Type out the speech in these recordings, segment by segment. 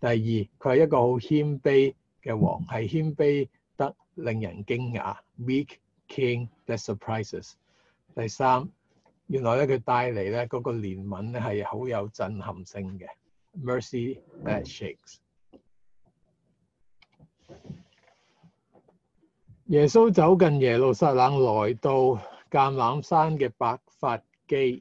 第二，佢係一個好謙卑嘅王，係謙卑得令人驚訝，weak king that surprises。第三，原來咧佢帶嚟咧嗰個憐憫咧係好有震撼性嘅，mercy that shakes。耶穌走近耶路撒冷，來到橄欖山嘅伯法基，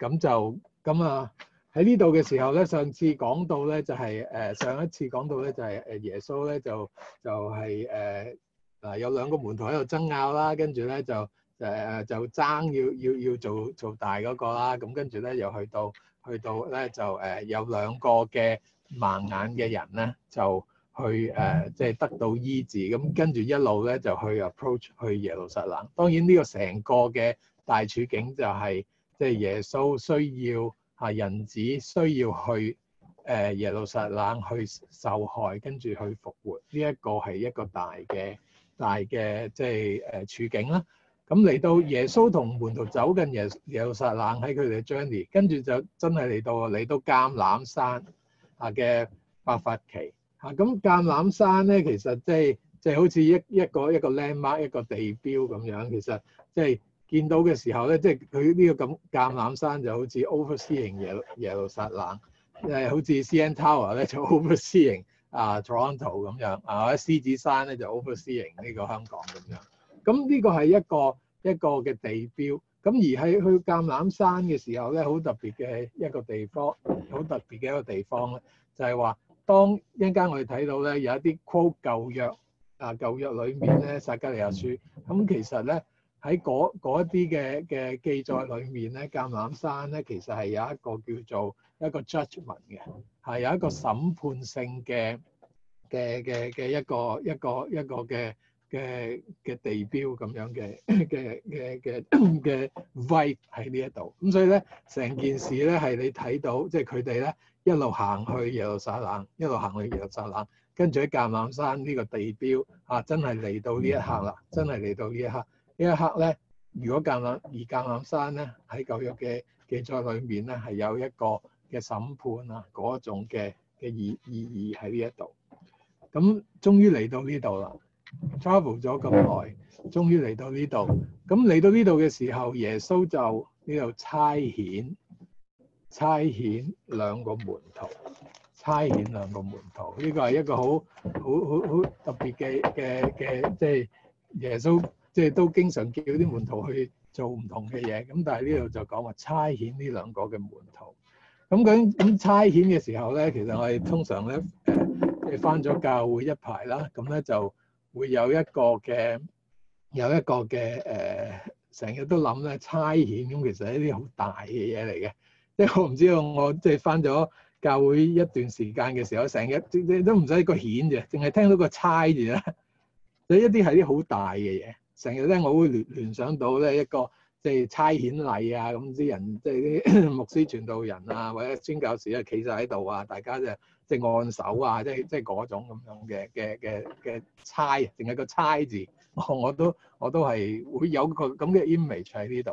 咁就咁啊。喺呢度嘅時候咧，上次講到咧就係、是、誒上一次講到咧就係誒耶穌咧就是、就係誒嗱有兩個門徒喺度爭拗啦，跟住咧就誒誒就爭要要要做做大嗰、那個啦，咁跟住咧又去到去到咧就誒有兩個嘅盲眼嘅人咧就去誒即係得到醫治，咁跟住一路咧就去 approach 去耶路撒冷。當然呢個成個嘅大處境就係即係耶穌需要。啊！人子需要去誒耶路撒冷去受害，跟住去復活，呢一個係一個大嘅大嘅即係誒處境啦。咁嚟到耶穌同門徒走近耶耶路撒冷喺佢哋嘅 journey，跟住就真係嚟到嚟到橄欖山啊嘅伯法其。嚇咁橄欖山咧，其實即係即係好似一一個一個 landmark 一個地標咁樣，其實即係。見到嘅時候咧，即係佢呢個咁橄欖山就好似 overseeing 耶路耶路撒冷，誒、就是、好似 CN Tower 咧就 overseeing 啊 Toronto 咁樣啊，或者獅子山咧就 overseeing 呢個香港咁樣。咁呢個係一個一個嘅地標。咁而喺去橄欖山嘅時候咧，好特別嘅一個地方，好特別嘅一個地方咧，就係話當一陣間我哋睇到咧，有一啲舊約啊舊約裡面咧撒迦利亞書，咁其實咧。喺嗰一啲嘅嘅記載裏面咧，橄欖山咧其實係有一個叫做一個 judgment 嘅，係有一個審判性嘅嘅嘅嘅一個一個一個嘅嘅嘅地標咁樣嘅嘅嘅嘅嘅 vibe 喺呢一度。咁所以咧成件事咧係你睇到，即係佢哋咧一路行去耶路撒冷，一路行去耶路撒冷，跟住喺橄欖山呢個地標嚇、啊，真係嚟到呢一刻啦，真係嚟到呢一刻。呢一刻咧，如果橄欖而橄欖山咧，喺《舊約》嘅記載裏面咧，係有一個嘅審判啊，嗰種嘅嘅意意義喺呢一度。咁終於嚟到呢度啦，travel 咗咁耐，終於嚟到呢度。咁嚟到呢度嘅時候，耶穌就呢度差遣差遣兩個門徒，差遣兩個門徒。呢個係一個好好好好特別嘅嘅嘅，即係耶穌。即係都經常叫啲門徒去做唔同嘅嘢，咁但係呢度就講話差遣呢兩個嘅門徒。咁咁咁差遣嘅時候咧，其實我哋通常咧即係翻咗教會一排啦，咁咧就會有一個嘅有一個嘅誒，成、呃、日都諗咧差遣咁，其實係一啲好大嘅嘢嚟嘅。即係我唔知道我即係翻咗教會一段時間嘅時候，成日即都唔使個遣嘅，淨係聽到個差咋。有一啲係啲好大嘅嘢。成日咧，我會聯聯想到咧一個即係、就是、差遣禮啊，咁啲人即係啲牧師傳道人啊，或者宣教士啊，企實喺度啊，大家就即係、就是、按手啊，即係即係嗰種咁樣嘅嘅嘅嘅差，淨係個差字，我都我都係會有個咁嘅 image 喺呢度。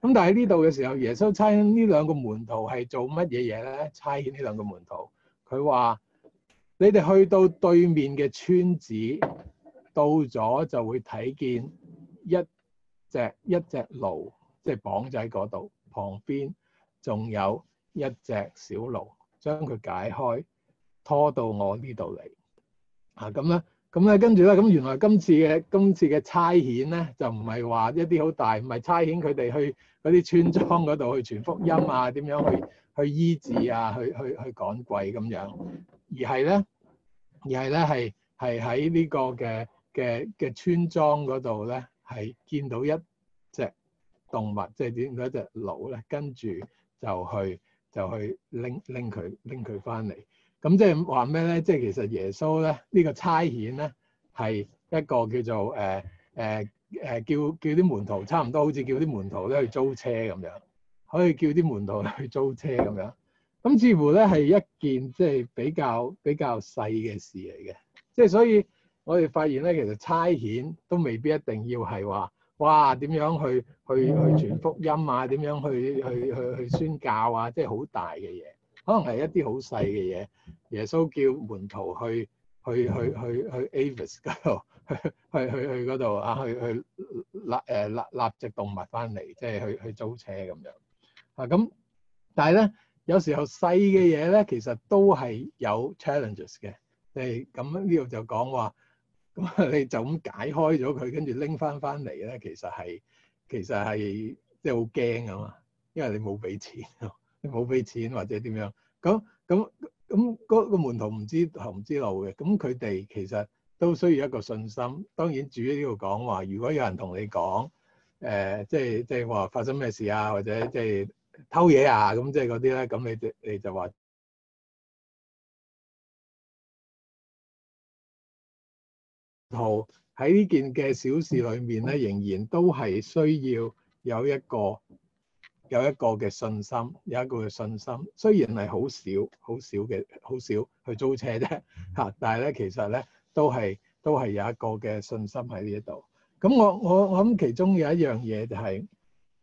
咁但係呢度嘅時候，耶穌差遣呢兩個門徒係做乜嘢嘢咧？差遣呢兩個門徒，佢話：你哋去到對面嘅村子。到咗就會睇見一隻一隻驢即係綁仔嗰度，旁邊仲有一隻小驢將佢解開，拖到我、啊、呢度嚟。嚇咁咧，咁咧跟住咧，咁原來今次嘅今次嘅差遣咧就唔係話一啲好大，唔係差遣佢哋去嗰啲村莊嗰度去傳福音啊，點樣去去醫治啊，去去去趕鬼咁樣，而係咧而係咧係係喺呢個嘅。嘅嘅村莊嗰度咧，係見到一隻動物，即係點解一隻驢咧，跟住就去就去拎拎佢拎佢翻嚟。咁即係話咩咧？即係、就是、其實耶穌咧呢、呢個差遣咧係一個叫做誒誒誒叫叫啲門徒，差唔多好似叫啲門徒咧去租車咁樣，可以叫啲門徒去租車咁樣。咁似乎咧係一件即係比較比較細嘅事嚟嘅，即、就、係、是、所以。我哋發現咧，其實差遣都未必一定要係話，哇點樣去去去 傳福音啊？點樣去去去去宣教啊？即係好大嘅嘢，可能係一啲好細嘅嘢。耶穌叫門徒去去去去去 Abyss 嗰度，去去去嗰度啊，去去去去立誒拉拉隻動物翻嚟，即係去去租車咁樣啊。咁但係咧，有時候細嘅嘢咧，其實都係有 challenges 嘅。誒咁呢度就講、是、話。咁啊， 你就咁解開咗佢，跟住拎翻翻嚟咧，其實係其實係即係好驚啊嘛，因為你冇俾錢，你冇俾錢或者點樣，咁咁咁嗰個門徒唔知唔知路嘅，咁佢哋其實都需要一個信心。當然主喺呢度講話，如果有人同你講，誒即係即係話發生咩事啊，或者即係偷嘢啊，咁即係嗰啲咧，咁你就你就話。好喺呢件嘅小事裏面咧，仍然都係需要有一個有一個嘅信心，有一個嘅信心。雖然係好少好少嘅好少去租車啫吓，但係咧其實咧都係都係有一個嘅信心喺呢一度。咁我我我諗其中有一樣嘢就係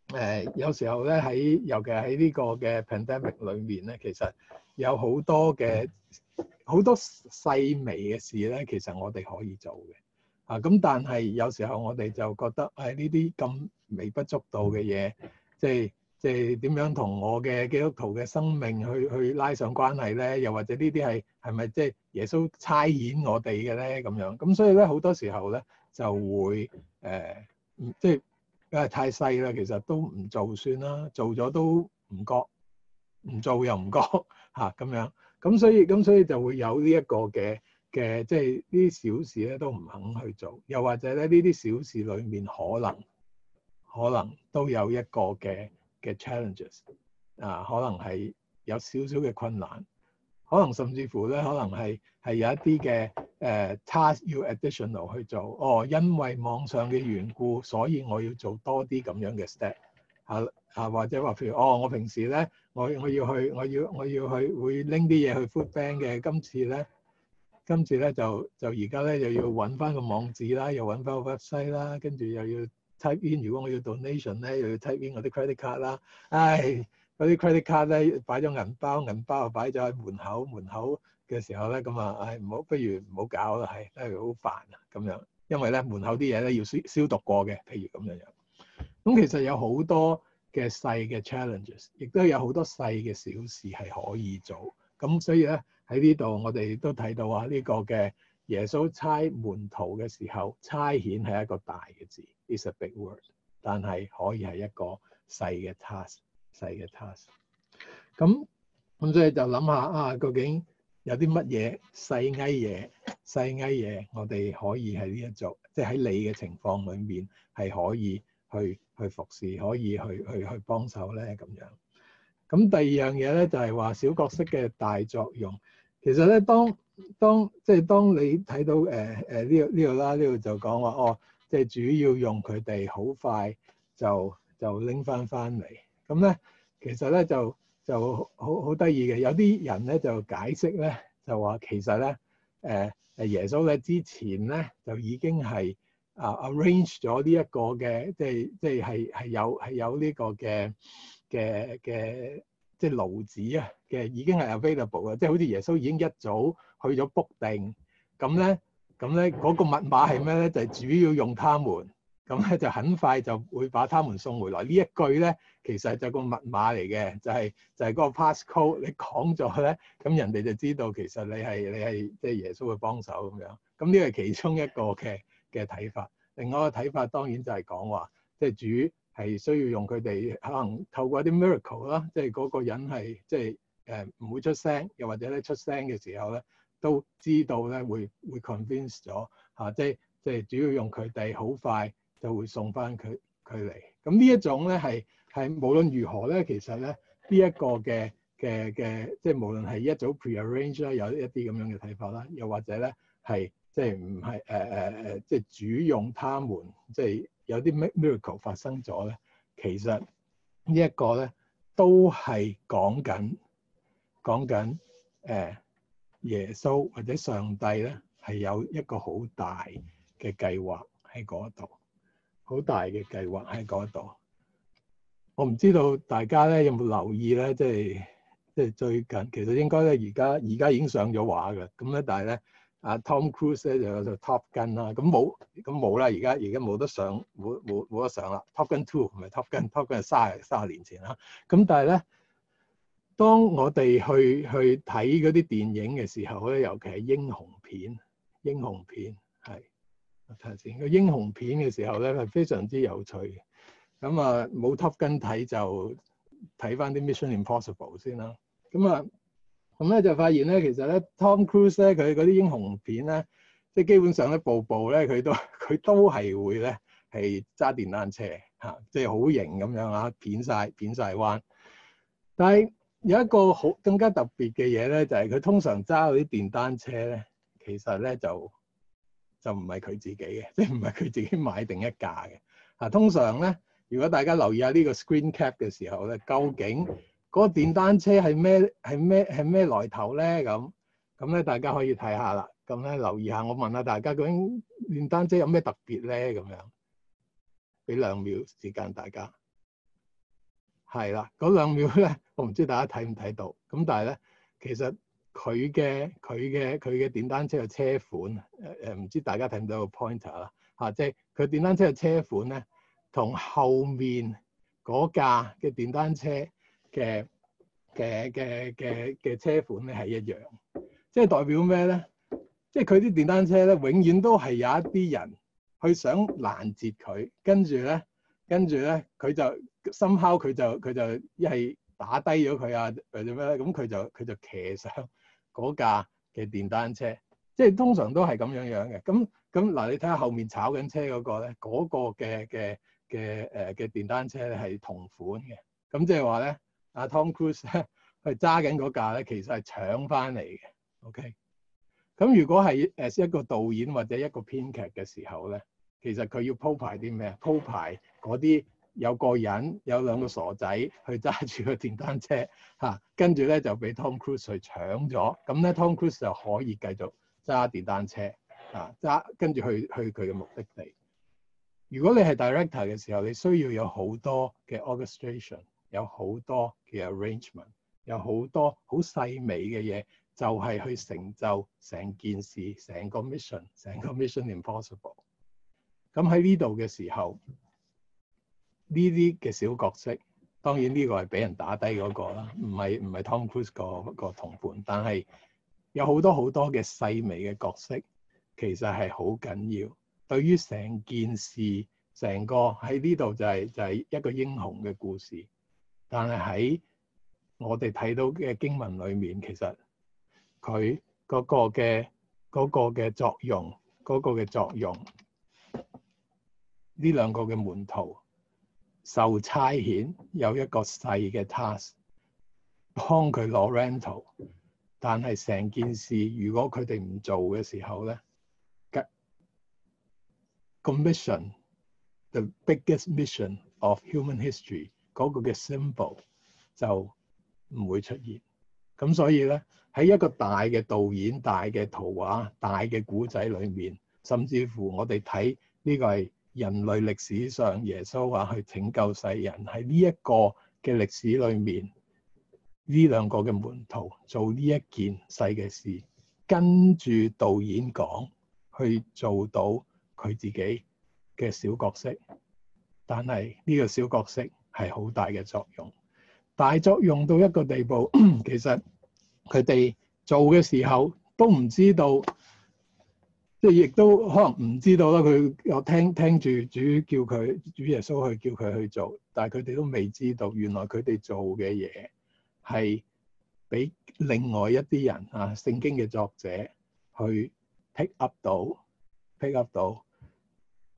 誒有時候咧喺尤其係喺呢個嘅 pandemic 裏面咧，其實有好多嘅好多細微嘅事咧，其實我哋可以做嘅。啊，咁但係有時候我哋就覺得，誒呢啲咁微不足道嘅嘢，即係即係點樣同我嘅基督徒嘅生命去去拉上關係咧？又或者呢啲係係咪即係耶穌差遣我哋嘅咧？咁樣咁所以咧好多時候咧就會誒，唔即係因為太細啦，其實都唔做算啦，做咗都唔覺，唔做又唔覺嚇咁、啊、樣。咁所以咁所以就會有呢一個嘅。嘅即係呢啲小事咧都唔肯去做，又或者咧呢啲小事裏面可能可能都有一個嘅嘅 challenges 啊，可能係有少少嘅困難，可能甚至乎咧可能係係有一啲嘅誒 task 要 additional 去做。哦，因為網上嘅緣故，所以我要做多啲咁樣嘅 step 啊。啊啊，或者話譬如哦，我平時咧我我要去我要我要去，我要我要去會拎啲嘢去 food bank 嘅，今次咧。今次咧就就而家咧又要揾翻個網址啦，又揾翻個 website 啦，跟住又要 type in。如果我要 donation 咧，又要 type in 我啲 credit card 啦。唉、哎，嗰啲 credit card 咧擺咗銀包，銀包啊擺咗喺門口，門口嘅時候咧咁啊，唉唔好，不如唔好搞啦，係真係好煩啊，咁樣。因為咧門口啲嘢咧要消消毒過嘅，譬如咁樣樣。咁其實有好多嘅細嘅 challenges，亦都有好多細嘅小事係可以做。咁所以咧。喺呢度，我哋都睇到啊！呢個嘅耶穌差門徒嘅時候，差遣係一個大嘅字，is a big word，但係可以係一個細嘅 task，細嘅 task。咁咁所以就諗下啊，究竟有啲乜嘢細矮嘢、細矮嘢，我哋可以喺呢一組，即係喺你嘅情況裏面係可以去去服侍，可以去去去幫手咧咁樣。咁第二樣嘢咧就係話小角色嘅大作用。其實咧，當當即係當你睇到誒誒呢個呢個啦，呢度就講話哦，即係主要用佢哋好快就就拎翻翻嚟。咁咧，其實咧就就好好得意嘅。有啲人咧就解釋咧，就話其實咧誒誒耶穌咧之前咧就已經係啊 arrange 咗呢一個嘅，即係即係係係有係有呢個嘅嘅嘅。即係盧子啊嘅已經係 available 啊，即係好似耶穌已經一早去咗 book 定，咁咧，咁咧嗰個密碼係咩咧？就係、是、主要用他們，咁咧就很快就會把他們送回來。呢一句咧其實就係個密碼嚟嘅，就係、是、就係、是、嗰個 passcode。你講咗咧，咁人哋就知道其實你係你係即係耶穌嘅幫手咁樣。咁呢個係其中一個嘅嘅睇法。另外一個睇法當然就係講話即係、就是、主。係需要用佢哋，可能透過一啲 miracle 啦，即係嗰個人係即係誒唔會出聲，又或者咧出聲嘅時候咧，都知道咧會會 convince 咗嚇、啊，即係即係主要用佢哋好快就會送翻佢佢嚟。咁呢一種咧係係無論如何咧，其實咧呢一個嘅嘅嘅，即係無論係一早 prearrange 啦，ange, 有一啲咁樣嘅睇法啦，又或者咧係即係唔係誒誒誒，即係、uh, 主用他們即係。有啲咩 miracle 發生咗咧？其實呢一個咧都係講緊講緊誒耶穌或者上帝咧係有一個好大嘅計劃喺嗰度，好大嘅計劃喺嗰度。我唔知道大家咧有冇留意咧，即係即係最近其實應該咧而家而家已經上咗畫㗎咁咧，但係咧。啊、uh，Tom Cruise 咧就做、是、Top Gun 啦，咁冇，咁冇啦，而家而家冇得上，冇冇冇得上啦。Top Gun Two 唔係 Top Gun，Top Gun 係卅廿卅年前啦。咁但係咧，當我哋去去睇嗰啲電影嘅時候咧，尤其係英雄片，英雄片係睇下先。個英雄片嘅時候咧係非常之有趣嘅。咁啊，冇 Top Gun 睇就睇返啲 Mission Impossible 先啦。咁啊。咁咧、嗯、就發現咧，其實咧 Tom Cruise 咧佢嗰啲英雄片咧，即係基本上咧，部部咧佢都佢都係會咧係揸電單車嚇、啊，即係好型咁樣啊，片晒片晒彎。但係有一個好更加特別嘅嘢咧，就係、是、佢通常揸嗰啲電單車咧，其實咧就就唔係佢自己嘅，即係唔係佢自己買定一架嘅。嚇、啊，通常咧，如果大家留意下呢個 screen cap 嘅時候咧，究竟嗰個電單車係咩係咩係咩來頭咧？咁咁咧，大家可以睇下啦。咁咧，留意下我問下大家，究竟電單車有咩特別咧？咁樣俾兩秒時間大家。係啦，嗰兩秒咧，我唔知大家睇唔睇到。咁但係咧，其實佢嘅佢嘅佢嘅電單車嘅車款，誒誒，唔知大家睇唔到個 point 啦、啊、嚇，即係佢電單車嘅車款咧，同後面嗰架嘅電單車。嘅嘅嘅嘅嘅車款咧係一樣，即係代表咩咧？即係佢啲電單車咧，永遠都係有一啲人去想攔截佢，跟住咧，跟住咧，佢就深敲佢就佢就一係打低咗佢啊或者咩咧？咁佢就佢就騎上嗰架嘅電單車，即係通常都係咁樣樣嘅。咁咁嗱，你睇下後面炒緊車嗰個咧，嗰個嘅嘅嘅誒嘅電單車咧係同款嘅，咁即係話咧。阿 Tom Cruise 去揸緊嗰架咧，其實係搶翻嚟嘅。OK，咁如果係誒一個導演或者一個編劇嘅時候咧，其實佢要鋪排啲咩？鋪排嗰啲有個人有兩個傻仔去揸住個電單車嚇，跟住咧就俾 Tom Cruise 去搶咗。咁咧 Tom Cruise 就可以繼續揸電單車啊，揸跟住去去佢嘅目的地。如果你係 director 嘅時候，你需要有好多嘅 orchestration。有好多嘅 arrangement，有好多好細微嘅嘢，就係去成就成件事、成個 mission、成個 mission impossible。咁喺呢度嘅時候，呢啲嘅小角色，當然呢個係俾人打低嗰個啦，唔係，唔係 Tom Cruise 個個同伴。但係有好多好多嘅細微嘅角色，其實係好緊要，對於成件事、成個喺呢度就係就係一個英雄嘅故事。但係喺我哋睇到嘅經文裏面，其實佢嗰個嘅嗰個嘅作用，嗰個嘅作用，呢兩個嘅門徒受差遣有一個細嘅 task，幫佢攞 rental。但係成件事，如果佢哋唔做嘅時候咧，個 mission, the biggest mission of human history。嗰個嘅 symbol 就唔會出現，咁所以咧喺一個大嘅導演、大嘅圖畫、大嘅古仔裏面，甚至乎我哋睇呢個係人類歷史上耶穌話去拯救世人，喺呢一個嘅歷史裏面，呢兩個嘅門徒做呢一件細嘅事，跟住導演講去做到佢自己嘅小角色，但係呢個小角色。係好大嘅作用，大作用到一個地步，其實佢哋做嘅時候都唔知道，即係亦都可能唔知道啦。佢有聽聽住主叫佢，主耶穌去叫佢去做，但係佢哋都未知道，原來佢哋做嘅嘢係俾另外一啲人啊，聖經嘅作者去 pick up 到，pick up 到。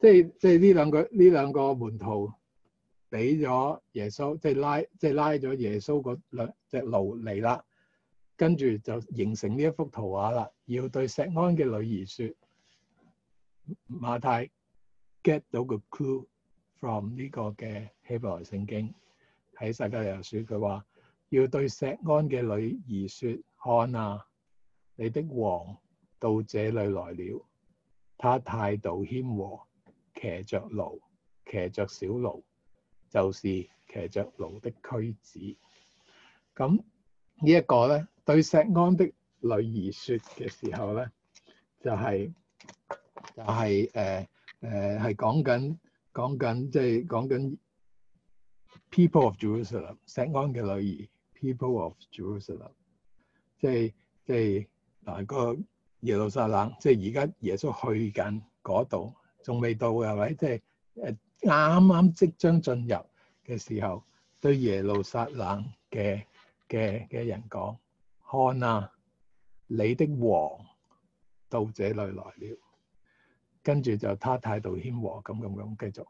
即係即係呢兩個呢兩個門徒俾咗耶穌，即係拉即係拉咗耶穌嗰兩隻驢嚟啦，跟住就形成呢一幅圖畫啦。要對錫安嘅女兒説，馬太 get 到個 clue from 呢個嘅希伯來聖經，喺撒迦利亞又説佢話要對錫安嘅女兒説：看啊，你的王到這裡來了，他態度謙和。騎着驢，騎着小驢，就是騎着驢的駒子。咁呢一個咧，對錫安的女兒説嘅時候咧，就係、是、就係誒誒，係、呃呃、講緊講緊即係講緊 people of Jerusalem，錫安嘅女兒，people of Jerusalem，即係即係嗱個耶路撒冷，即係而家耶穌去緊嗰度。仲未到嘅係咪？即係誒啱啱即將進入嘅時候，對耶路撒冷嘅嘅嘅人講：「看啊，你的王到這裡來了！」跟住就他態度謙和咁咁咁繼續。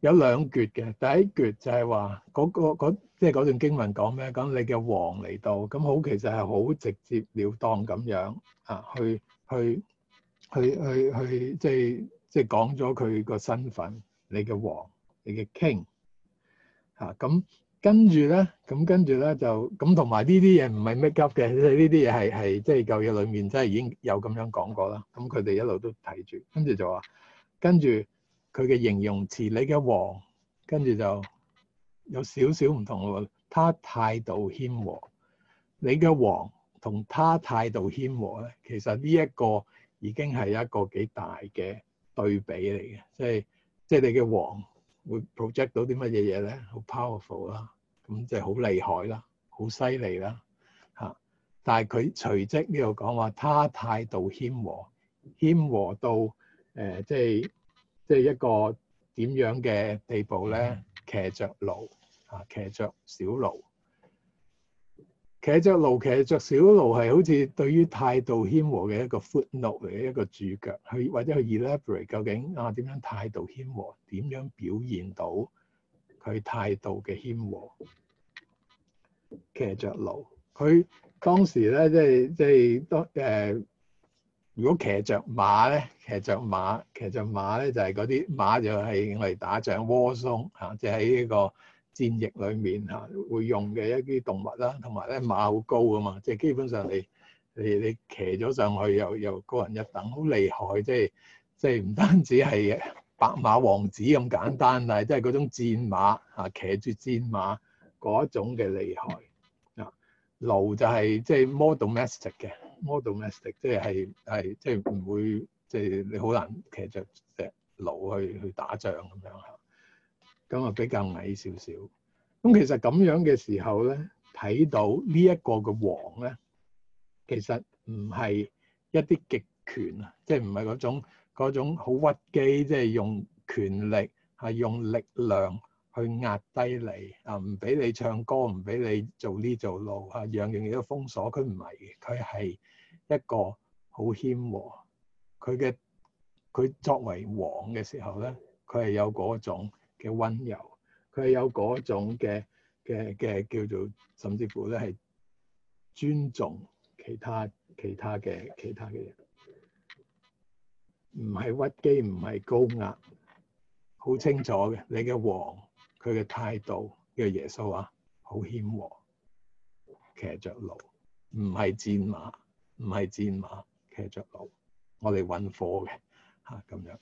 有兩橛嘅，第一橛就係話嗰個嗰即係嗰段經文講咩？講你嘅王嚟到咁好，其實係好直接了當咁樣啊，去去。佢、佢、佢，即係即係講咗佢個身份，你嘅王，你嘅 king，嚇咁、啊、跟住咧，咁跟住咧就咁同埋呢啲嘢唔係 make up 嘅，即係呢啲嘢係係即係舊嘢裏面真係已經有咁樣講過啦。咁佢哋一路都睇住，跟住就話，跟住佢嘅形容詞，你嘅王，跟住就有少少唔同喎。他態度謙和，你嘅王同他態度謙和咧，其實呢、這、一個。已經係一個幾大嘅對比嚟嘅，即係即係你嘅王會 project 到啲乜嘢嘢咧？好 powerful 啦，咁即係好厲害啦，好犀利啦嚇。但係佢隨即呢度講話，他態度謙和，謙和到誒，即係即係一個點樣嘅地步咧？騎著路嚇，騎著小路。騎着驢，騎着小驢，係好似對於態度謙和嘅一個 footnote 嘅一個注腳，去或者去 elaborate 究竟啊點樣態度謙和，點樣表現到佢態度嘅謙和。騎着驢，佢當時咧即係即係當誒，如果騎着馬咧，騎着馬，騎着馬咧就係嗰啲馬就係用嚟打仗 song、啊、窩鬆嚇，即係呢個。戰役裡面嚇會用嘅一啲動物啦，同埋咧馬好高啊嘛，即係基本上你你你騎咗上去又又高人一等，好厲害，即係即係唔單止係白馬王子咁簡單但係，即係嗰種戰馬嚇騎住戰馬嗰種嘅厲害啊。驢就係即係 model domestic 嘅 model domestic 即係係係即係唔會即係你好難騎着隻驢去去，去打仗咁樣咁啊比較矮少少，咁其實咁樣嘅時候咧，睇到呢一個嘅王咧，其實唔係一啲極權啊，即係唔係嗰種嗰種好屈機，即係用權力係用力量去壓低你啊，唔俾你唱歌，唔俾你做呢做路啊，樣樣嘢都封鎖。佢唔係嘅，佢係一個好謙和，佢嘅佢作為王嘅時候咧，佢係有嗰種，嘅溫柔，佢係有嗰種嘅嘅嘅叫做，甚至乎咧係尊重其他其他嘅其他嘅人，唔係屈機，唔係高壓，好清楚嘅。你嘅王，佢嘅態度，呢個耶穌啊，好謙和，騎着驢，唔係戰馬，唔係戰馬，騎着驢。我哋揾貨嘅嚇咁樣。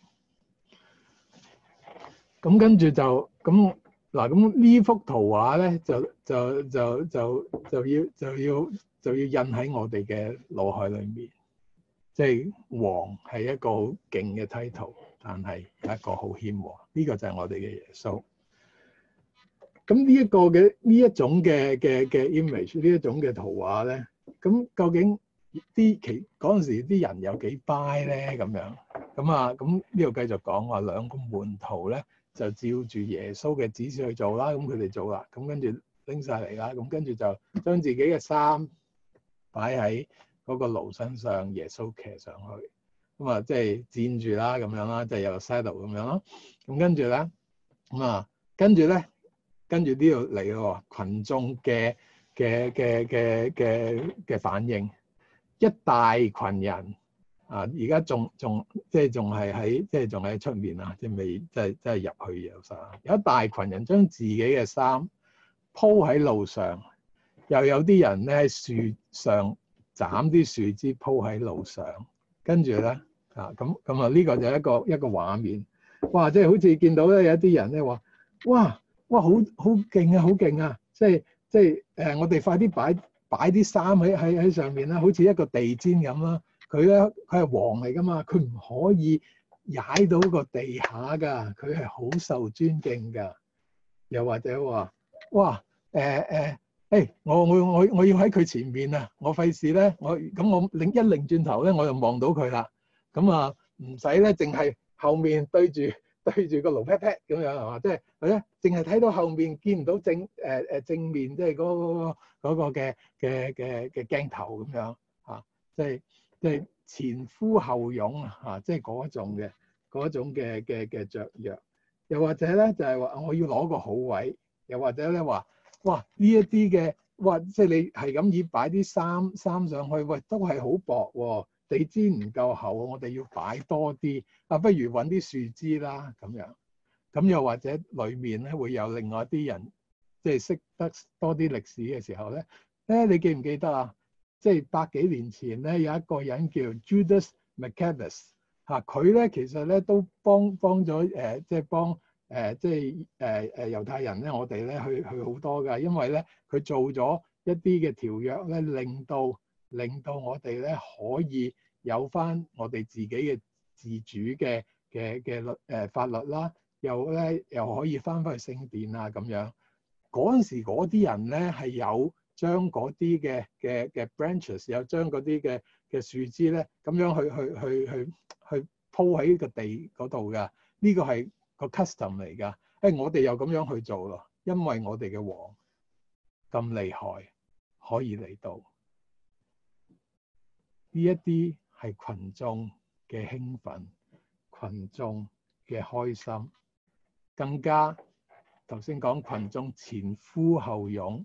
咁跟住就咁嗱，咁呢幅圖畫咧，就就就就就要就要就要印喺我哋嘅腦海裏面。即係王係一個好勁嘅 title，但係一個好謙和。呢、這個就係我哋嘅耶穌。咁呢一個嘅呢一種嘅嘅嘅 image，呢一種嘅圖畫咧，咁究竟啲其嗰陣時啲人有幾 buy 咧？咁樣咁啊，咁呢度繼續講話兩個門徒咧。就照住耶穌嘅指示去做啦，咁佢哋做啦，咁跟住拎曬嚟啦，咁跟住就將自己嘅衫擺喺嗰個驢身上，耶穌騎上去，咁啊，即係墊住啦，咁樣啦，即係有個 set up 咁樣咯，咁跟住咧，咁啊，跟住咧，跟住呢度嚟咯，羣眾嘅嘅嘅嘅嘅嘅反應，一大羣人。啊！而家仲仲即係仲係喺即係仲喺出面啦，即係未即係即係入去嘅啦。有一大群人將自己嘅衫鋪喺路上，又有啲人咧喺樹上斬啲樹枝鋪喺路上，跟住咧啊咁咁啊！呢個就係一個一個畫面。哇！即係好似見到咧，有啲人咧話：哇哇，好好勁啊，好勁啊！即係即係誒、呃，我哋快啲擺擺啲衫喺喺喺上面啦，好似一個地氈咁啦。佢咧，佢係王嚟噶嘛，佢唔可以踩到個地下噶，佢係好受尊敬噶。又或者話，哇，誒、欸、誒，誒、欸，我我我我要喺佢前面啊！我費事咧，我咁我擰一擰轉頭咧，我就望到佢啦。咁啊，唔使咧，淨係後面對住對住個奴 pat pat 咁樣係嘛？即係佢咧，淨係睇到後面，見唔到正誒誒、呃、正面、嗰個，即係嗰個嘅嘅嘅嘅鏡頭咁樣啊，即係。就係前呼後擁啊，嚇！即係嗰種嘅，嗰種嘅嘅嘅雀躍。又或者咧，就係話我要攞個好位。又或者咧話，哇！呢一啲嘅，哇！即係你係咁而擺啲衫衫上去，喂，都係好薄喎。地基唔夠厚，我哋要擺多啲。啊，不如揾啲樹枝啦咁樣。咁又或者裡面咧會有另外一啲人，即係識得多啲歷史嘅時候咧，咧你記唔記得啊？即係百幾年前咧，有一個人叫 Judas Maccabees 嚇、啊，佢咧其實咧都幫幫咗誒、呃呃，即係幫誒，即係誒誒猶太人咧，我哋咧去去好多噶，因為咧佢做咗一啲嘅條約咧，令到令到我哋咧可以有翻我哋自己嘅自主嘅嘅嘅律誒法律啦，又咧又可以翻返去聖殿啊咁樣。嗰陣時嗰啲人咧係有。將嗰啲嘅嘅嘅 branches，又將嗰啲嘅嘅樹枝咧，咁樣去去去去去鋪喺個地嗰度嘅，呢個係個 custom 嚟㗎。誒，我哋又咁樣去做咯，因為我哋嘅王咁厲害，可以嚟到。呢一啲係群眾嘅興奮，群眾嘅開心，更加頭先講群眾前呼後擁。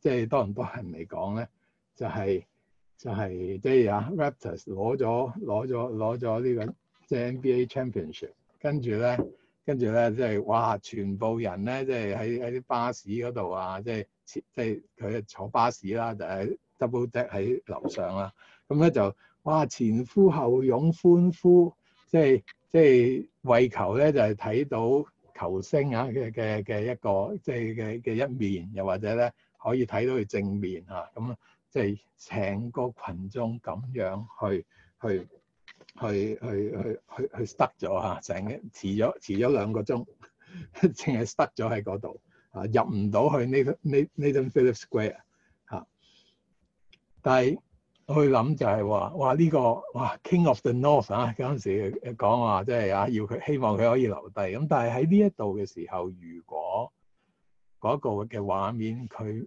即係多唔多多倫多人嚟講咧，就係、是、就係、是、即係啊，Raptors 攞咗攞咗攞咗呢、這個即係、就是、NBA Championship，跟住咧跟住咧即係哇！全部人咧即係喺喺啲巴士嗰度啊，即係即係佢坐巴士啦，就喺、是、double deck 喺樓上啦。咁咧就哇前呼後擁歡呼，即係即係為求咧就係、是、睇、就是就是、到球星啊嘅嘅嘅一個即係嘅嘅一面，又或者咧。可以睇到佢正面嚇，咁即係成個群眾咁樣去去去去去去塞咗嚇，成日遲咗遲咗兩個鐘，淨係塞咗喺嗰度啊，入唔到去呢呢呢棟 Phillips Square 嚇。但係我去諗就係話，哇呢、呢個哇 King of the North 啊，嗰陣時講話即係啊，即係即係、要佢希望佢可以留低。咁但係喺呢一度嘅時候，如果嗰個嘅畫面，佢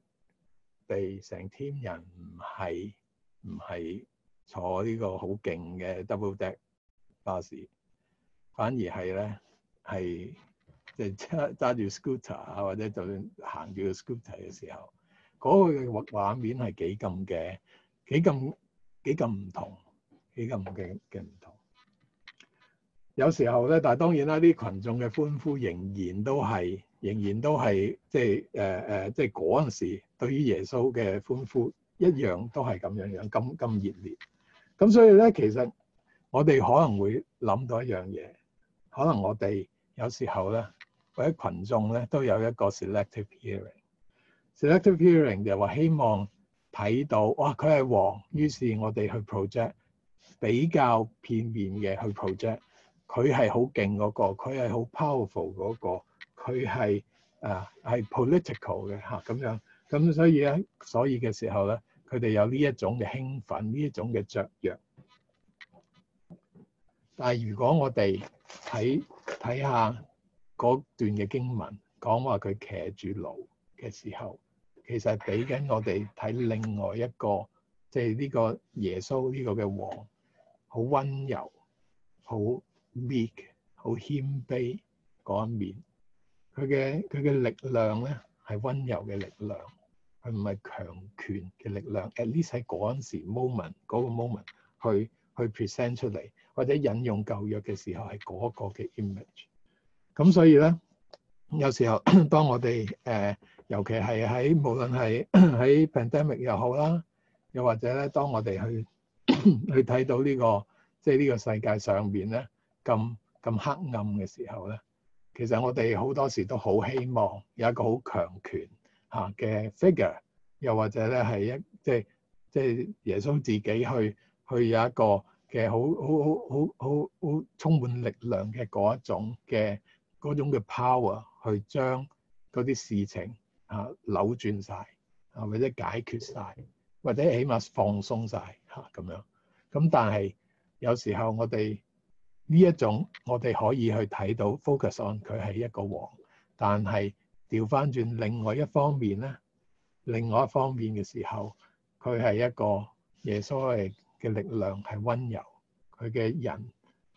哋成 team 人唔係唔係坐呢個好勁嘅 double deck 巴士，反而係咧係即係揸揸住 scooter 啊，就是、oter, 或者就算行住 scooter 嘅時候，嗰、那個嘅畫畫面係幾咁嘅，幾咁幾咁唔同，幾咁嘅嘅唔同。有時候咧，但係當然啦，啲群眾嘅歡呼仍然都係。仍然都係即係誒誒，即係嗰陣時對於耶穌嘅歡呼一樣都係咁樣樣咁咁熱烈。咁所以咧，其實我哋可能會諗到一樣嘢，可能我哋有時候咧或者群眾咧都有一個 selective hearing。selective hearing 就話希望睇到哇佢係王，於是我哋去 project 比較片面嘅去 project，佢係好勁嗰個，佢係好 powerful 嗰個。佢係、uh, 啊，係 political 嘅嚇咁樣咁，所以咧，所以嘅時候咧，佢哋有呢一種嘅興奮，呢一種嘅雀躍。但係如果我哋睇睇下嗰段嘅經文，講話佢騎住驢嘅時候，其實俾緊我哋睇另外一個，即係呢個耶穌呢個嘅王，好温柔、好 meek、好謙卑嗰一面。佢嘅佢嘅力量咧，係温柔嘅力量，佢唔係強權嘅力量。At least 喺嗰陣時 moment，嗰、嗰個 moment 去去 present 出嚟，或者引用舊約嘅時候係嗰個嘅 image。咁所以咧，有時候 當我哋誒、呃，尤其係喺無論係喺 pandemic 又好啦，又或者咧，當我哋去 去睇到呢、呢個即係呢個世界上面咧咁咁黑暗嘅時候咧。其實我哋好多時都好希望有一個好強權嚇嘅 figure，又或者咧係一即係即係耶穌自己去去有一個嘅好好好好好好充滿力量嘅嗰一種嘅嗰種嘅 power 去將嗰啲事情嚇扭轉晒，啊，或者解決晒，或者起碼放鬆晒。嚇咁樣。咁但係有時候我哋。呢一種我哋可以去睇到 focus on 佢係一個王，但係調翻轉另外一方面咧，另外一方面嘅時候，佢係一個耶穌嘅力量係溫柔，佢嘅人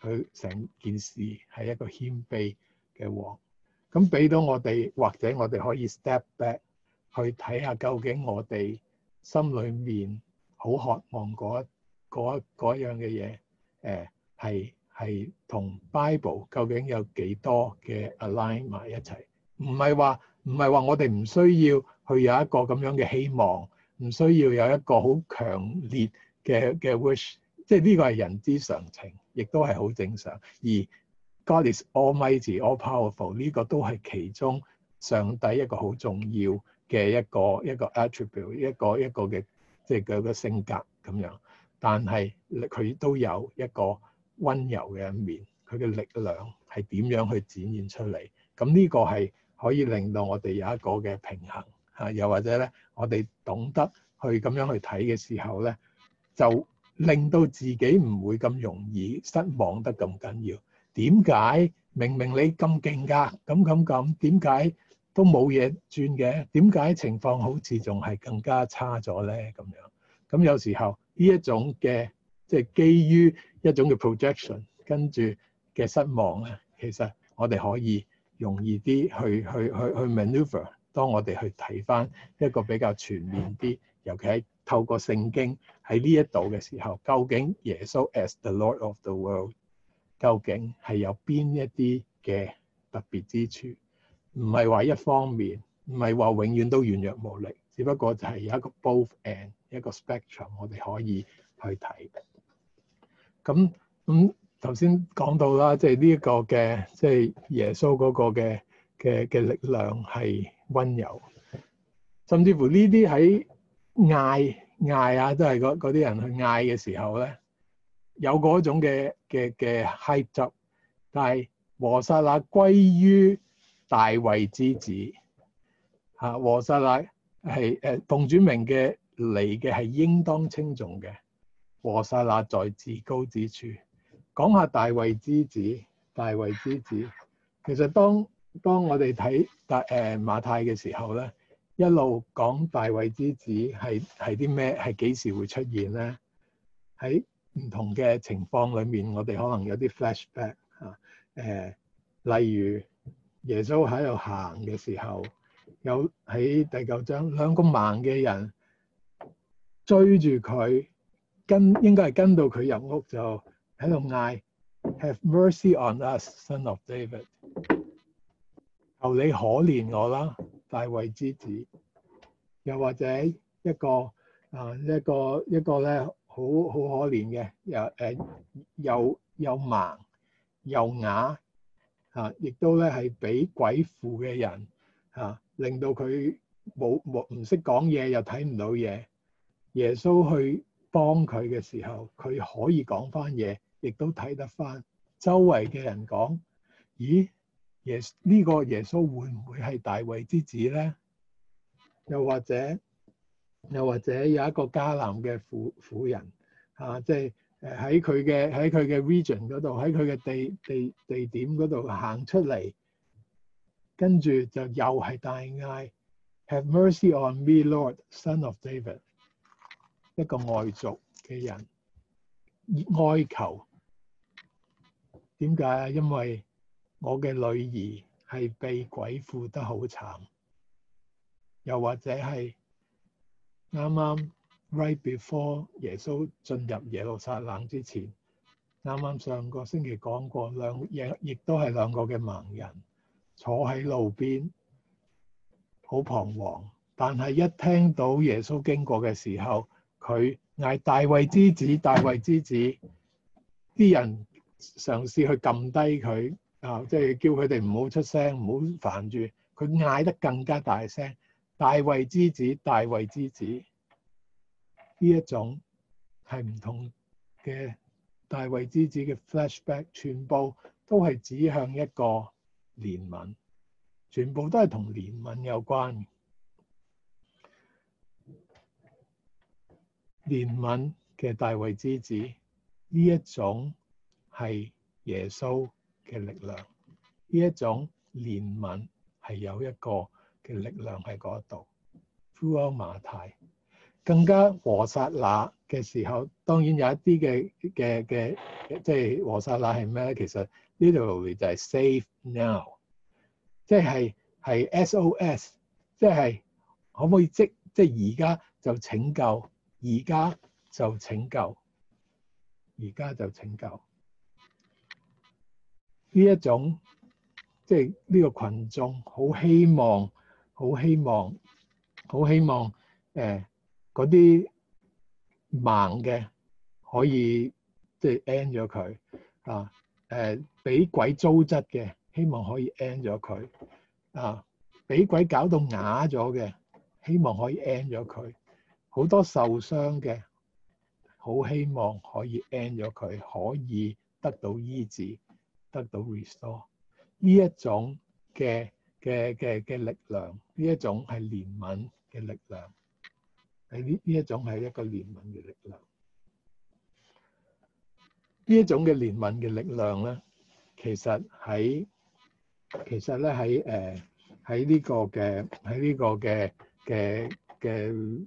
佢成件事係一個謙卑嘅王。咁俾到我哋或者我哋可以 step back 去睇下，究竟我哋心裏面好渴望嗰一嗰樣嘅嘢，誒、呃、係。係同 Bible 究竟有幾多嘅 align 埋一齊？唔係話唔係話我哋唔需要去有一個咁樣嘅希望，唔需要有一個好強烈嘅嘅 wish。即係呢個係人之常情，亦都係好正常。而 God is Almighty, All-Powerful 呢個都係其中上帝一個好重要嘅一個一個 attribute，一個一個嘅即係佢嘅性格咁樣。但係佢都有一個。溫柔嘅一面，佢嘅力量係點樣去展現出嚟？咁呢個係可以令到我哋有一個嘅平衡吓，又或者咧，我哋懂得去咁樣去睇嘅時候咧，就令到自己唔會咁容易失望得咁緊要。點解明明你咁勁㗎，咁咁咁，點解都冇嘢轉嘅？點解情況好似仲係更加差咗咧？咁樣咁有時候呢一種嘅。即係基於一種嘅 projection，跟住嘅失望啊，其實我哋可以容易啲去去去去 maneuver。當我哋去睇翻一個比較全面啲，尤其係透過聖經喺呢一度嘅時候，究竟耶穌 as the Lord of the world 究竟係有邊一啲嘅特別之處？唔係話一方面，唔係話永遠都軟弱無力，只不過就係有一個 both and 一個 spectrum，我哋可以去睇。咁咁頭先講到啦，即係呢一個嘅，即係耶穌嗰個嘅嘅嘅力量係温柔，甚至乎呢啲喺嗌嗌啊，都係嗰嗰啲人去嗌嘅時候咧，有嗰種嘅嘅嘅閪汁。但係和散那歸於大衞之子，嚇和散那係誒奉主名嘅嚟嘅係應當稱頌嘅。和散那在至高之處，講下大衛之子，大衛之子。其實當當我哋睇大誒馬太嘅時候咧，一路講大衛之子係係啲咩，係幾時會出現咧？喺唔同嘅情況裏面，我哋可能有啲 flashback 嚇、啊、誒，例如耶穌喺度行嘅時候，有喺第九章兩個盲嘅人追住佢。跟應該係跟到佢入屋就喺度嗌 Have mercy on us, Son of David。求你可憐我啦，大衛之子。又或者一個啊一個一個咧，好好可憐嘅，又誒、呃、又又盲又啞啊，亦都咧係俾鬼附嘅人啊，令到佢冇冇唔識講嘢，又睇唔到嘢。耶穌去幫佢嘅時候，佢可以講翻嘢，亦都睇得翻周圍嘅人講。咦？耶呢、這個耶穌會唔會係大衛之子咧？又或者，又或者有一個迦南嘅婦婦人啊，即係誒喺佢嘅喺佢嘅 region 嗰度，喺佢嘅地地地點嗰度行出嚟，跟住就又係大嗌：Have mercy on me, Lord, Son of David。一個外族嘅人哀求，點解啊？因為我嘅女兒係被鬼附得好慘，又或者係啱啱 right before 耶穌進入耶路撒冷之前，啱啱上個星期講過兩，亦亦都係兩個嘅盲人坐喺路邊，好彷徨，但係一聽到耶穌經過嘅時候。佢嗌大衛之子，大衛之子，啲人嘗試去撳低佢啊！即係叫佢哋唔好出聲，唔好煩住。佢嗌得更加大聲，大衛之子，大衛之子。呢一種係唔同嘅大衛之子嘅 flashback，全部都係指向一個憐憫，全部都係同憐憫有關嘅。憐憫嘅大衛之子，呢一種係耶穌嘅力量，呢一種憐憫係有一個嘅力量喺嗰度。呼喚馬太更加和撒那嘅時候，當然有一啲嘅嘅嘅，即係、就是、和撒那係咩咧？其實呢度就係 save now，即係係 S.O.S，即係可唔可以即即而家就拯救？而家就拯救，而家就拯救呢一種，即係呢個羣眾好希望，好希望，好希望，誒嗰啲盲嘅可以即係 end 咗佢啊！誒俾鬼糟質嘅希望可以 end 咗佢啊！俾鬼搞到啞咗嘅希望可以 end 咗佢。好多受傷嘅，好希望可以 end 咗佢，可以得到醫治，得到 restore。呢一種嘅嘅嘅嘅力量，呢一種係憐憫嘅力量，係呢呢一種係一個憐憫嘅力量。呢一種嘅憐憫嘅力量咧，其實喺其實咧喺誒喺呢個嘅喺呢個嘅嘅嘅。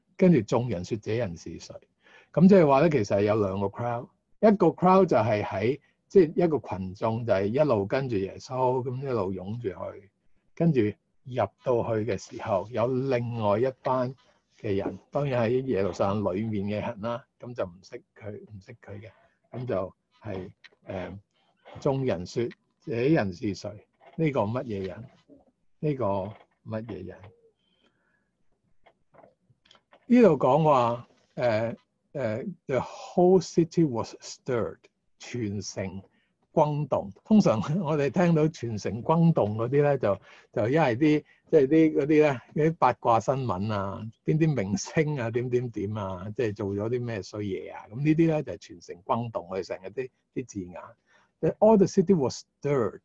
跟住眾人説：這人是誰？咁即係話咧，其實有兩個 crowd，一個 crowd 就係喺即係一個群眾，就係一路跟住耶穌咁一路擁住佢。跟住入到去嘅時候，有另外一班嘅人，當然係耶路撒冷裏面嘅人啦。咁就唔識佢，唔識佢嘅。咁就係、是、誒、嗯，眾人説：這人是誰？呢、這個乜嘢人？呢、這個乜嘢人？呢度講話誒、誒，the whole city was stirred，全城轟動。通常我哋聽到全城轟動嗰啲咧，就就一係啲即係啲啲咧，啲嗰啲八卦新聞啊，邊啲明星啊點點點啊，即係做咗啲咩衰嘢啊？咁呢啲咧就係全城轟動，係成日啲啲字眼。The whole city was stirred。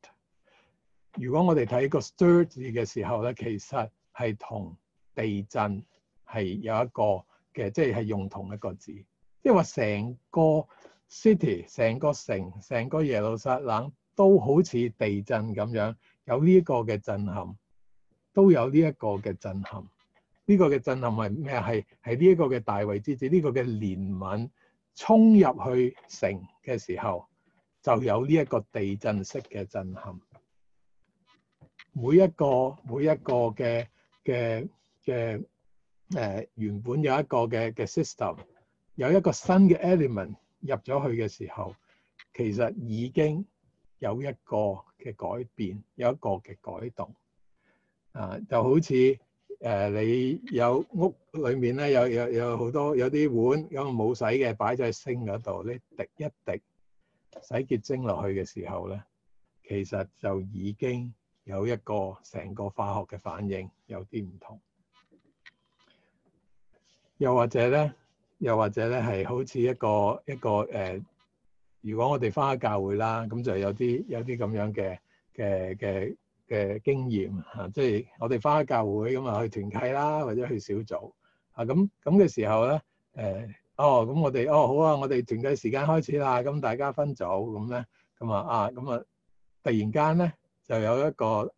如果我哋睇個 stir 字嘅時候咧，其實係同地震。係有一個嘅，即係係用同一個字，即係話成個 city、成個城、成個耶路撒冷都好似地震咁樣，有呢一個嘅震撼，都有呢一個嘅震撼。呢、呢個嘅震撼係咩？係係呢一個嘅大衛之子，呢、呢個嘅憐憫衝入去城嘅時候，就有呢一個地震式嘅震撼。每一個每一個嘅嘅嘅。誒，原本有一個嘅嘅 system，有一個新嘅 element 入咗去嘅時候，其實已經有一個嘅改變，有一個嘅改動。啊，就好似誒，你有屋裏面咧，有有有好多有啲碗咁冇洗嘅，擺咗喺星嗰度，你滴一滴洗潔精落去嘅時候咧，其實就已經有一個成個化學嘅反應有啲唔同。又或者咧，又或者咧，係好似一個一個誒，如果我哋翻去教會啦，咁就有啲有啲咁樣嘅嘅嘅嘅經驗嚇、啊，即係我哋翻去教會咁啊去團契啦，或者去小組啊咁，咁嘅時候咧，誒、啊、哦咁我哋哦好啊，我哋團契時間開始啦，咁大家分組咁咧，咁啊啊咁啊，突然間咧就有一個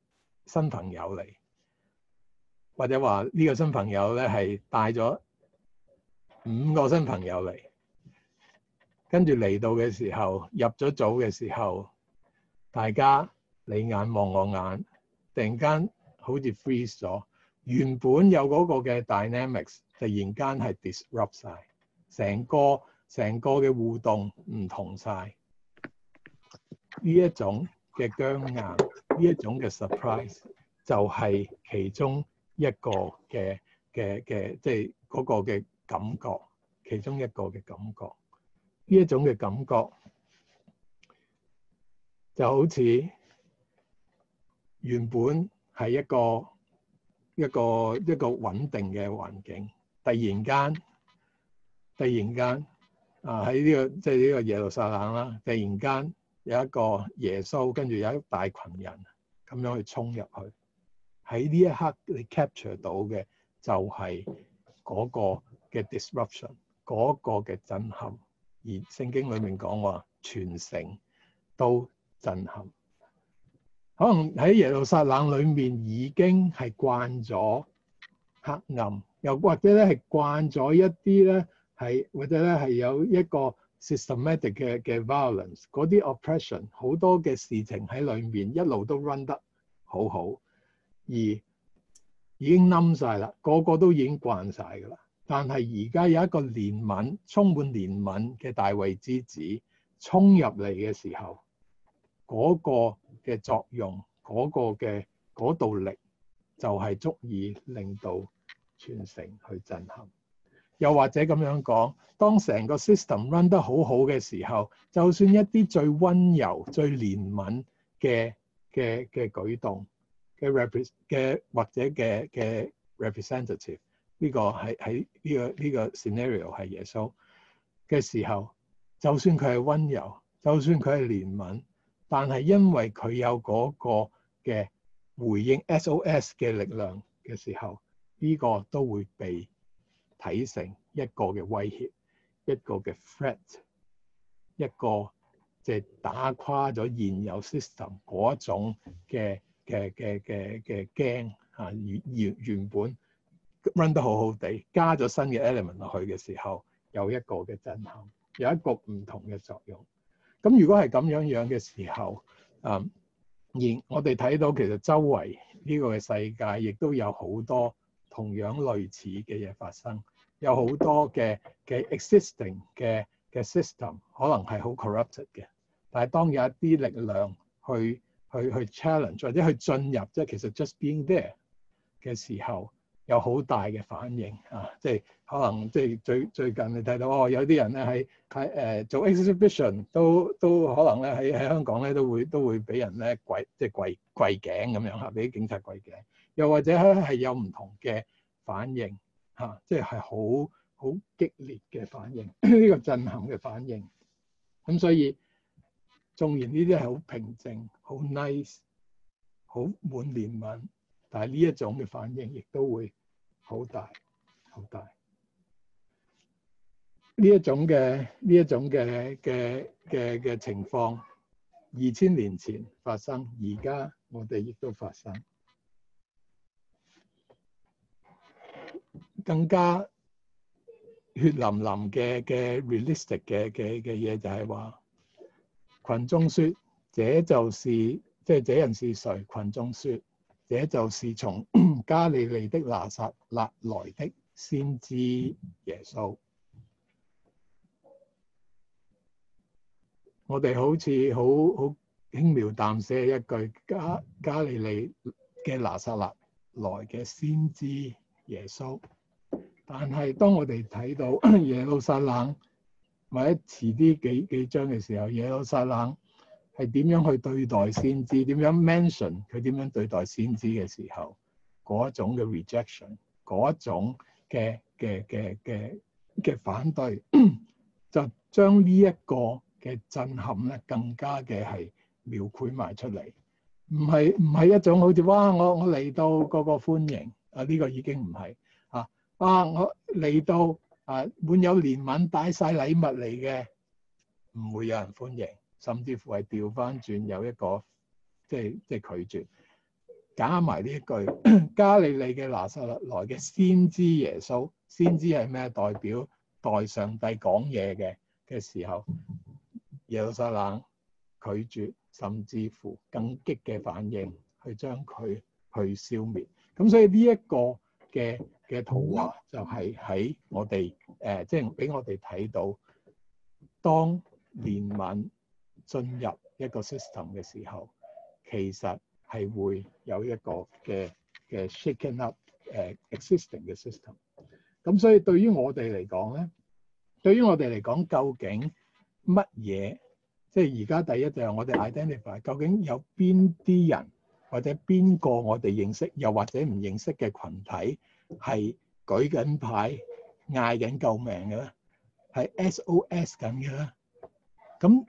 新朋友嚟，或者話呢個新朋友咧係帶咗。五個新朋友嚟，跟住嚟到嘅時候，入咗組嘅時候，大家你眼望我眼，突然間好似 freeze 咗，原本有嗰個嘅 dynamics，突然間係 disrupt 晒，成個成個嘅互動唔同晒。呢一種嘅僵硬，呢一種嘅 surprise，就係其中一個嘅嘅嘅，即係嗰個嘅。感覺，其中一個嘅感覺，呢一種嘅感覺就好似原本係一個一個一個穩定嘅環境，突然間，突然間啊喺呢個即係呢個耶路撒冷啦，突然間有一個耶穌跟住有一大群人咁樣去衝入去，喺呢一刻你 capture 到嘅就係嗰個。嘅 disruption 嗰個嘅震撼，而聖經裏面講話全城都震撼。可能喺耶路撒冷裏面已經係慣咗黑暗，又或者咧係慣咗一啲咧係或者咧係有一個 systematic 嘅嘅 violence 嗰啲 oppression，好多嘅事情喺裏面一路都 run 得好好，而已經冧晒啦，個個都已經慣晒噶啦。但係而家有一個憐憫、充滿憐憫嘅大衛之子衝入嚟嘅時候，嗰個嘅作用、嗰個嘅嗰度力就係足以令到全城去震撼。又或者咁樣講，當成個 system run 得好好嘅時候，就算一啲最温柔、最憐憫嘅嘅嘅舉動嘅 represent 嘅或者嘅嘅 representative。呢個係喺呢個呢個 scenario 係耶穌嘅時候，就算佢係温柔，就算佢係憐憫，但係因為佢有嗰個嘅回應 SOS 嘅力量嘅時候，呢、這個都會被睇成一個嘅威脅，一個嘅 threat，一個即係打垮咗現有 system 嗰種嘅嘅嘅嘅嘅驚嚇原原原本。Run 得好好哋，加咗新嘅 element 落去嘅時候，有一個嘅震撼，有一個唔同嘅作用。咁如果係咁樣樣嘅時候，嗯，um，而我哋睇到其實周圍呢個嘅世界，亦都有好多同樣類似嘅嘢發生，有好多嘅嘅 existing 嘅嘅 system 可能係好 corrupted 嘅，但係當有一啲力量去去去 challenge 或者去進入，即係其實 just being there 嘅時候。有好大嘅反應啊！即係可能即係最最近你睇到哦，有啲人咧喺喺誒做 exhibition 都都可能咧喺喺香港咧都會都會俾人咧跪即係跪跪頸咁樣嚇，俾警察跪頸。又或者係有唔同嘅反應嚇，即係係好好激烈嘅反應，呢個震撼嘅反應。咁 所以縱然呢啲係好平靜、好 nice、好滿憐憫，但係呢一種嘅反應亦都會。好大，好大！呢一種嘅呢一種嘅嘅嘅嘅情況，二千年前發生，而家我哋亦都發生。更加血淋淋嘅嘅 realistic 嘅嘅嘅嘢就係話，群眾説：「這就是即係這人是誰？」群眾説。這就是從加利利的拿撒勒來的先知耶穌。 我哋好似好好輕描淡寫一句加加利利嘅拿撒勒來嘅先知耶穌，但係當我哋睇到 耶路撒冷或者遲啲幾幾章嘅時候，耶路撒冷係點樣去對待先知？點樣 mention 佢點樣對待先知嘅時候，嗰一種嘅 rejection，嗰一種嘅嘅嘅嘅嘅反對， 就將呢一個嘅震撼咧，更加嘅係描繪埋出嚟。唔係唔係一種好似哇！我我嚟到個個歡迎啊，呢個已經唔係啊啊！我嚟到啊，滿有憐憫，帶晒禮物嚟嘅，唔會有人歡迎。甚至乎係掉返轉，有一個即係即係拒絕，加埋呢一句加利利嘅拿撒勒來嘅先知耶穌，先知係咩？代表代上帝講嘢嘅嘅時候，耶路撒冷拒絕，甚至乎更激嘅反應去將佢去消滅。咁所以呢一個嘅嘅圖畫就係喺我哋誒、呃，即係俾我哋睇到當連晚。進入一個 system 嘅時候，其實係會有一個嘅嘅 shaken up 誒 existing 嘅 system。咁所以對於我哋嚟講咧，對於我哋嚟講，究竟乜嘢？即係而家第一就係我哋 identify，究竟有邊啲人或者邊個我哋認識，又或者唔認識嘅羣體係舉緊牌、嗌緊救命嘅咧，係 SOS 緊嘅咧。咁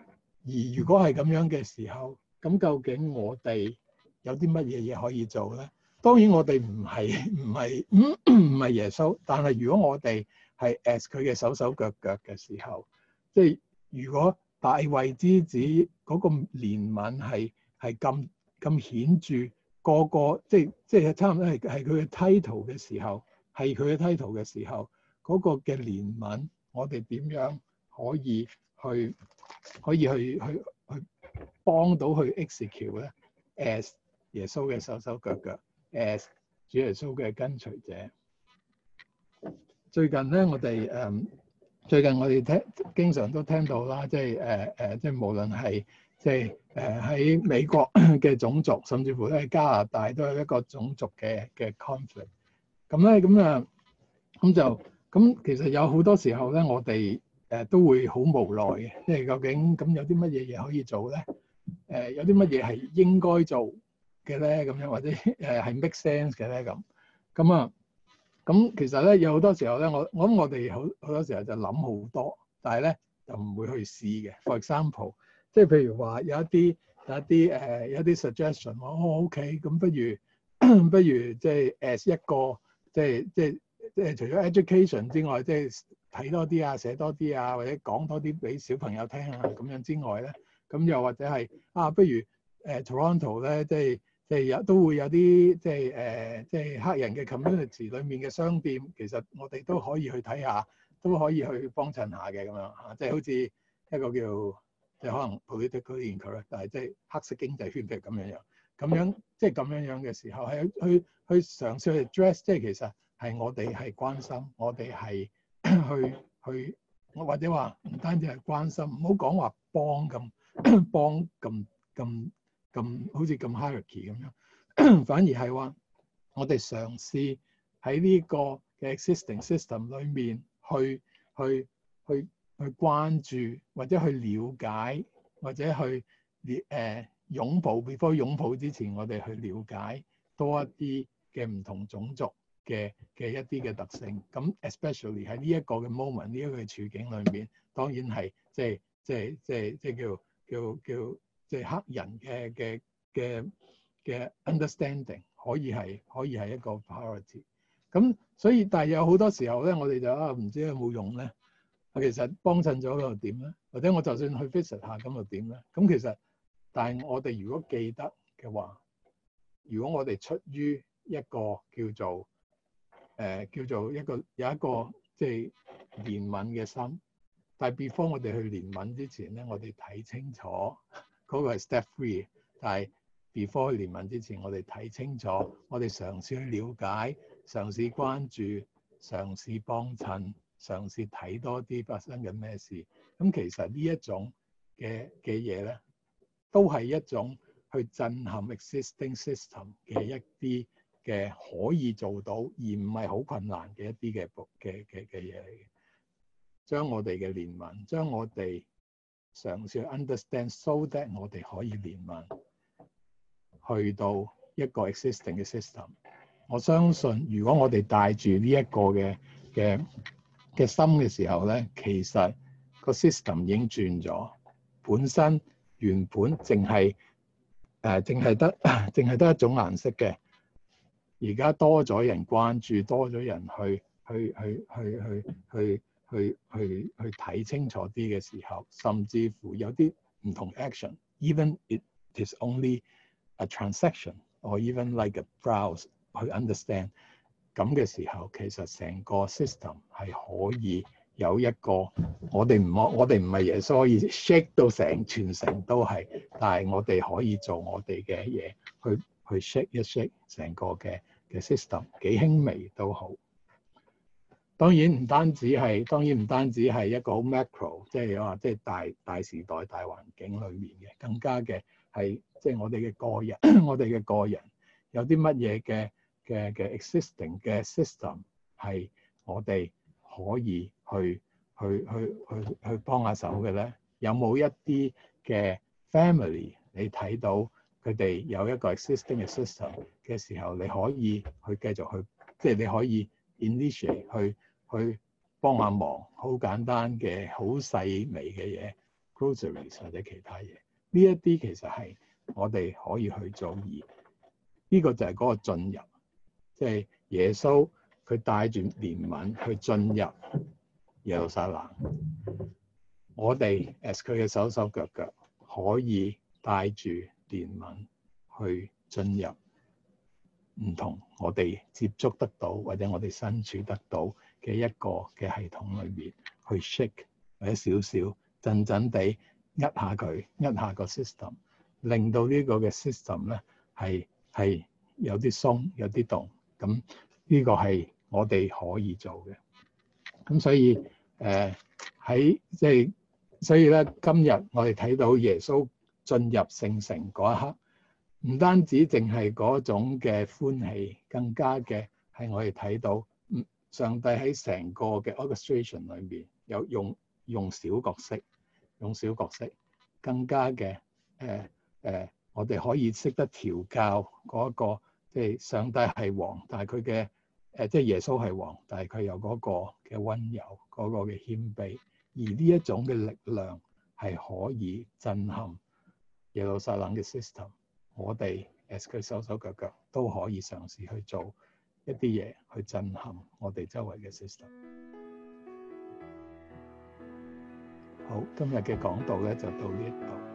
而如果係咁樣嘅時候，咁究竟我哋有啲乜嘢嘢可以做咧？當然我哋唔係唔係唔唔係耶穌，但係如果我哋係 as 佢嘅手手腳腳嘅時候，即係如果大衞之子嗰個憐憫係係咁咁顯著，個個即係即係差唔多係係佢嘅 title 嘅時候，係佢嘅 title 嘅時候，嗰、嗰個嘅憐憫，我哋點樣可以去？可以去去去幫到去 execute 咧，as 耶穌嘅手手腳腳，as 主耶穌嘅跟隨者。最近咧，我哋誒最近我哋聽經常都聽到啦，即係誒誒，即係無論係即係誒喺美國嘅種族，甚至乎都喺加拿大都有一個種族嘅嘅 conflict。咁咧咁啊咁就咁，其實有好多時候咧，我哋。誒都會好無奈嘅，即係究竟咁有啲乜嘢嘢可以做咧？誒有啲乜嘢係應該做嘅咧？咁樣或者誒係 make sense 嘅咧？咁咁啊，咁其實咧有好多時候咧，我我諗我哋好好多時候就諗好多，但係咧就唔會去試嘅。For example，即係譬如話有一啲有一啲誒有一啲 suggestion 話哦，OK，咁不如不如即係 as 一個即係即係即係除咗 education 之外即係。睇多啲啊，寫多啲啊，或者講多啲俾小朋友聽啊，咁樣之外咧，咁又或者係啊，不如誒、呃、Toronto 咧，即係即係有都會有啲即係誒、呃、即係黑人嘅 community 裏面嘅商店，其實我哋都可以去睇下，都可以去幫襯下嘅咁樣嚇，即係好似一個叫即係可能 politically incorrect 但係即係黑色經濟圈嘅咁樣樣咁樣即係咁樣樣嘅時候，係去去，去嘗試去 address，即係其實係我哋係關心，我哋係。去 去，我或者話唔單止係關心，唔好講話幫咁幫咁咁咁，好似咁 hierarchy 咁樣， 反而係話我哋嘗試喺呢個嘅 existing system 裏面去，去去去去關注或者去了解或者去誒擁抱 before 擁抱之前，我哋去了解多一啲嘅唔同種族。嘅嘅一啲嘅特性，咁 especially 喺呢一個嘅 moment，呢一個嘅處境裏面，當然係，即係即係即係即係叫叫叫即係黑人嘅嘅嘅嘅 understanding 可以係可以係一個 priority。咁所以但係有好多時候咧，我哋就啊唔知有冇用咧？其實幫襯咗又點咧？或者我就算去 visit 下咁又點咧？咁其實，但係我哋如果記得嘅話，如果我哋出於一個叫做誒、呃、叫做一個有一個即係憐憫嘅心，但係 before 我哋去憐憫之前咧，我哋睇清楚嗰、嗰個係 step three。但係 before 去憐憫之前，我哋睇清楚，我哋嘗試去了解、嘗試關注、嘗試幫襯、嘗試睇多啲發生緊咩事。咁其實呢一種嘅嘅嘢咧，都係一種去震撼 existing system 嘅一啲。嘅可以做到，而唔係好困難嘅一啲嘅嘅嘅嘅嘢嚟嘅。將我哋嘅聯盟，將我哋嘗試 understand，so that 我哋可以聯盟去到一個 existing 嘅 system。我相信，如果我哋帶住呢一個嘅嘅嘅心嘅時候咧，其實個 system 已經轉咗。本身原本淨係誒，淨係得淨係得一種顏色嘅。而家多咗人關注，多咗人去去去去去去去去睇清楚啲嘅時候，甚至乎有啲唔同 action，even it is only a transaction，or even like a browse 去 understand，咁嘅時候，其實成個 system 係可以有一個我哋唔我哋唔係耶穌可以 shake 到成全城都係，但係我哋可以做我哋嘅嘢去去 shake 一 shake 成個嘅。嘅 system 幾輕微都好，當然唔單止係當然唔單止係一個好 macro，即係話即係大大時代大環境裏面嘅，更加嘅係即係我哋嘅個人， 我哋嘅個人有啲乜嘢嘅嘅嘅 existing 嘅 system 係我哋可以去去去去去幫下手嘅咧？有冇一啲嘅 family 你睇到？佢哋有一個 existing 嘅 system 嘅時候，你可以去繼續去，即係你可以 initiate 去去幫下忙，好簡單嘅、好細微嘅嘢，groceries 或者其他嘢。呢一啲其實係我哋可以去做。而呢個就係嗰個進入，即係耶穌佢帶住憐憫去進入耶路撒冷，我哋 as 佢嘅手手腳腳可以帶住電文去進入唔同我哋接觸得到或者我哋身處得到嘅一個嘅系統裏邊，去 shake 或者少少震震地扼下佢，扼下個 system，令到呢個嘅 system 咧係係有啲鬆有啲動，咁呢個係我哋可以做嘅。咁所以誒喺即係，所以咧今日我哋睇到耶穌。進入聖城嗰一刻，唔單止淨係嗰種嘅歡喜，更加嘅係我哋睇到，上帝喺成個嘅 orchestration 裏面有用用小角色，用小角色，更加嘅誒誒，我哋可以識得調教嗰一個，即係上帝係王，但係佢嘅誒即係耶穌係王，但係佢有嗰個嘅溫柔，嗰個嘅謙卑，而呢一種嘅力量係可以震撼耶路撒冷嘅 system，我哋 as 佢手手腳腳都可以嘗試去做一啲嘢去震撼我哋周圍嘅 system。好，今日嘅講道咧就到呢一